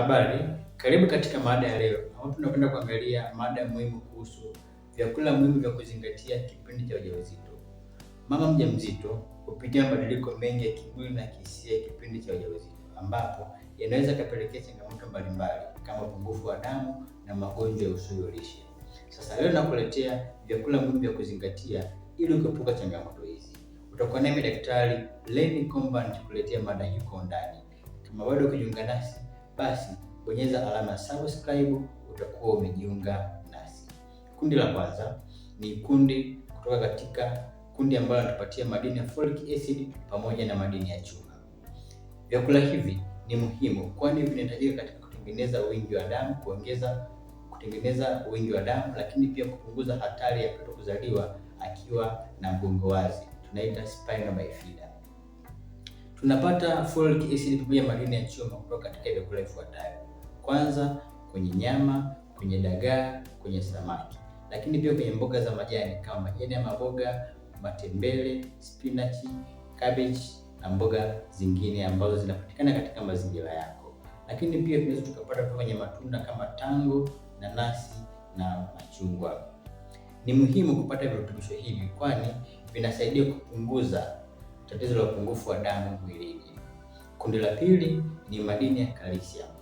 Habari, karibu katika mada ya leo ambapo tunakwenda kuangalia mada muhimu kuhusu vyakula muhimu vya kuzingatia kipindi cha ujauzito. Mama mjamzito hupitia mabadiliko mengi ya kimwili na kihisia kipindi cha ujauzito, ambapo yanaweza kapelekea changamoto mbalimbali kama upungufu wa damu na magonjwa ya usuyo lishe. Sasa leo nakuletea vyakula muhimu vya kuzingatia ili kuepuka changamoto hizi. Utakuwa nami Daktari Lenny Komba nikuletea mada hii kwa undani. Kama bado ukijiunga nasi basi bonyeza alama ya subscribe, utakuwa umejiunga nasi. Kundi la kwanza ni kundi kutoka katika kundi ambalo anatupatia madini ya folic acid pamoja na madini ya chuma. Vyakula hivi ni muhimu, kwani vinahitajika katika kutengeneza wingi wa damu, kuongeza kutengeneza wingi wa damu, lakini pia kupunguza hatari ya mtoto kuzaliwa akiwa na mgongo wazi, tunaita spina bifida. Tunapata folic acid pamoja madini ya chuma kutoka katika vyakula vifuatayo: kwanza, kwenye nyama, kwenye dagaa, kwenye samaki, lakini pia kwenye mboga za majani kama majani ya maboga, matembele, spinach, cabbage na mboga zingine ambazo zinapatikana katika mazingira yako. Lakini pia tunaweza tukapata kwenye matunda kama tango, nanasi na machungwa. Ni muhimu kupata virutubisho hivi kwani vinasaidia kupunguza tatizo la upungufu wa damu mwilini. Kundi la pili ni madini ya kalisiamu.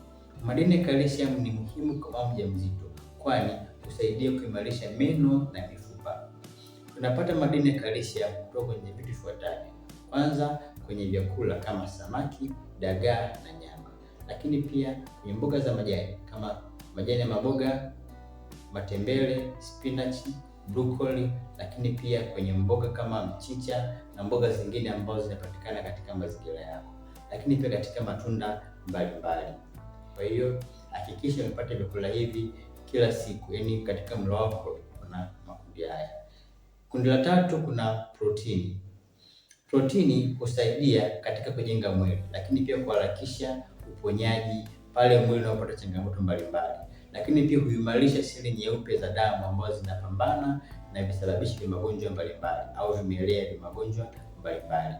Madini ya kalisiamu ni muhimu kwa mama mjamzito, kwani husaidia kuimarisha meno na mifupa. Tunapata madini ya kalisiamu kutoka kwenye vitu vifuatavyo: kwanza, kwenye vyakula kama samaki, dagaa na nyama, lakini pia kwenye mboga za majani kama majani ya maboga, matembele, spinachi brokoli, lakini pia kwenye mboga kama mchicha na mboga zingine ambazo zinapatikana katika mazingira yako, lakini pia katika matunda mbalimbali. Kwa hiyo hakikisha umepata vyakula hivi kila siku, yaani katika mlo wako kuna makundi haya. Kundi la tatu kuna protini. Protini husaidia katika kujenga mwili, lakini pia kuharakisha uponyaji pale mwili unapopata changamoto mbalimbali lakini pia huimarisha seli nyeupe za damu ambazo zinapambana na visababishi vya magonjwa mbalimbali au vimelea vya magonjwa mbalimbali.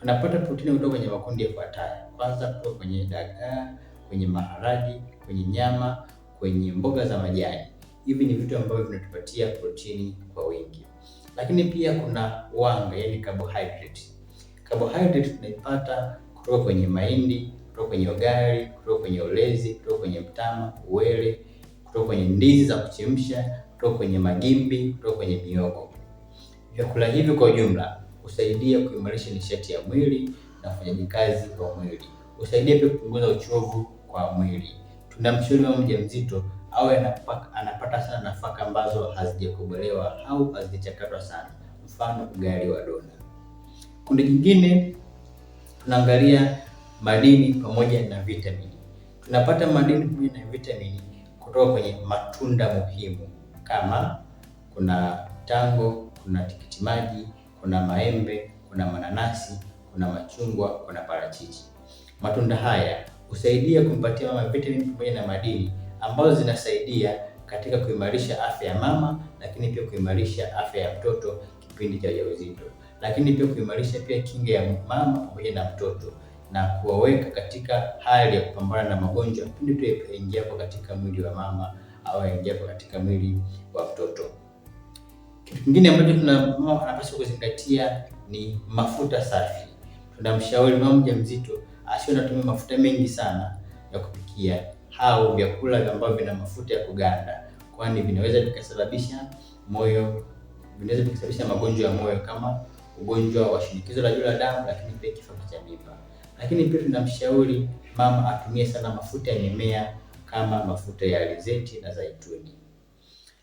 Tunapata protini kutoka kwenye makundi yafuatayo. Kwanza kutoka kwenye dagaa, kwenye maharage, kwenye nyama, kwenye mboga za majani. Hivi ni vitu ambavyo vinatupatia protini kwa wingi, lakini pia kuna wanga, yani carbohydrate. Carbohydrate tunaipata kutoka kwenye mahindi kutoka kwenye ugali, kutoka kwenye ulezi, kutoka kwenye mtama, uwele, kutoka kwenye ndizi za kuchemsha, kutoka kwenye magimbi, kutoka kwenye miogo. Vyakula hivi kwa ujumla husaidia kuimarisha nishati ya mwili na ufanyaji kazi wa mwili, husaidia pia kupunguza uchovu kwa mwili. Tunamshauri mama mjamzito au anapata sana nafaka ambazo hazijakobolewa au hazijachakatwa sana, mfano ugali wa dona. Kundi jingine tunaangalia madini pamoja na vitamini. Tunapata madini pamoja na vitamini kutoka kwenye matunda muhimu kama kuna tango, kuna tikiti maji, kuna maembe, kuna mananasi, kuna machungwa, kuna parachichi. Matunda haya husaidia kumpatia mama vitamini pamoja na madini ambazo zinasaidia katika kuimarisha afya ya mama, lakini pia kuimarisha afya ya mtoto kipindi cha ujauzito, lakini pia kuimarisha pia kinga ya mama pamoja na mtoto na kuwaweka katika hali ya kupambana na magonjwa pindi tu yaingiapo katika mwili wa mama au yaingiapo katika mwili wa mtoto. Kitu kingine ambacho tuna mama anapaswa kuzingatia ni mafuta safi. Tunamshauri mama mjamzito asiwe anatumia mafuta mengi sana ya kupikia au vyakula ambavyo vina mafuta ya kuganda, kwani vinaweza vikasababisha moyo, vinaweza vikasababisha magonjwa ya moyo kama ugonjwa wa shinikizo la juu la damu, lakini pia kifafa cha mimba. Lakini pia tunamshauri mama atumie sana mafuta ya mimea kama mafuta ya alizeti na zaituni.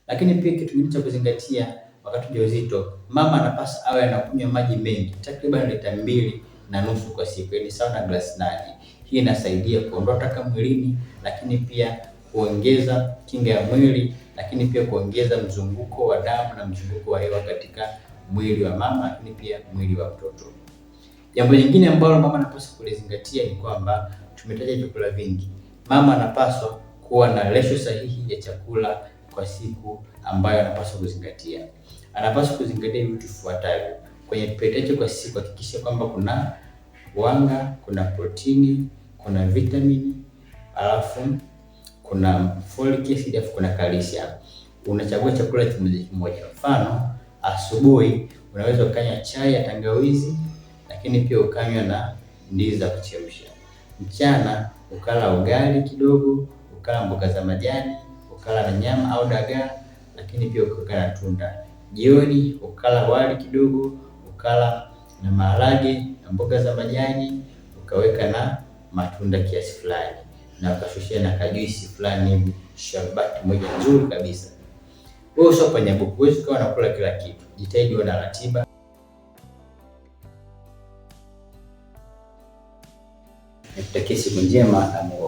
Lakini pia kitu kingine cha kuzingatia wakati ujauzito, mama anapasa awe anakunywa maji mengi takriban lita mbili na nusu kwa siku, ni yaani sawa na glasi nane. Hii inasaidia kuondoa taka mwilini, lakini pia kuongeza kinga ya mwili, lakini pia kuongeza mzunguko wa damu na mzunguko wa hewa katika mwili wa mama, lakini pia mwili wa mtoto. Jambo jingine ambalo mama anapaswa kulizingatia ni kwamba tumetaja vyakula vingi. Mama anapaswa kuwa na lesho sahihi ya chakula kwa siku ambayo anapaswa kuzingatia. Anapaswa kuzingatia vitu vifuatavyo kwenye pleti kwa siku, hakikisha kwamba kuna wanga, kuna protini, kuna vitamini, alafu kuna folic acid, alafu kuna kalisia. Unachagua chakula kimoja kimoja, mfano asubuhi unaweza ukanywa chai ya tangawizi lakini pia ukanywa na ndizi za kuchemsha. Mchana ukala ugali kidogo, ukala mboga za majani, ukala na nyama au dagaa, lakini pia ukala na tunda. Jioni ukala wali kidogo, ukala na maharage na mboga za majani, ukaweka na matunda kiasi fulani, na ukashushia na kajuisi fulani hivi, sharubati moja nzuri kabisa. Wewe usio kwenye buku, huwezi ukawa unakula kila kitu. Jitahidi uwe na ratiba. Tutakie siku njema na